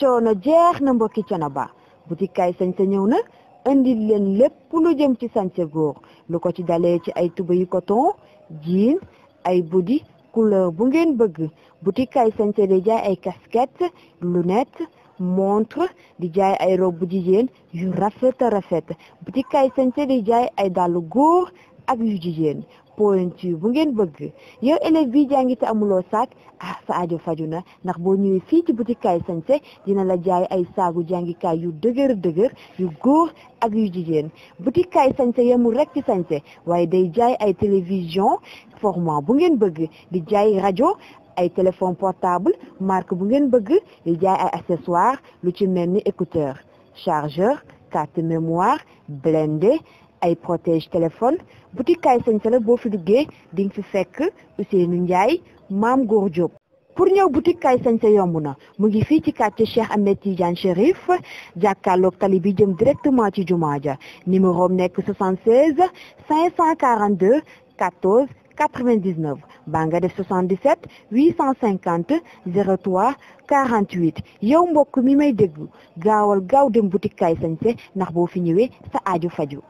coono jeex na mbokki Thiénaba boutique kaay sañse ñëw na indil leen lépp lu jëm ci sañse góor lu ko ci dalee ci ay tuba yu coton jean ay body couleur bu ngeen bëgg boutique kaay sañse di jaay ay casquette lunette montre di jaay ay robe jigéen yu rafet a rafet boutique kaay sañse di jaay ay dàllu góor ak yu jigéen point bu ngeen bëgg yow élève bi jàngi te amuloo saak ah sa aajo faju na ndax boo ñëwee fii ci boutique kaay sañse dina la jaay ay saagu jàngikaay yu dëgër dëgër yu góor ak yu jigéen boutique kaay sañse yemul rek ci sañse waaye day jaay ay télévision format bu ngeen bëgg di jaay rajo ay téléphone portable marque bu ngeen bëgg di jaay ay accessoire lu ci mel ni écouteur chargeur carte mémoire blindé ay protège téléphone boutique kaay sañse la boo fi duggee di nga fi fekk Ousseynou Ndiaye maam Góor Diop pour ñëw boutique kaay sañse yomb na mu ngi fii ci quartier Cheikh Ahmed Tidiane Chérif jàkkaarloog tali bi jëm directement ci jumaa ja numéro am nekk 76 542 14 99 baa nga def 77 850 03 48 yow mbokk mi may déglu gaawal gaaw dem boutique kaay sañse ndax boo fi ñëwee sa aaju faju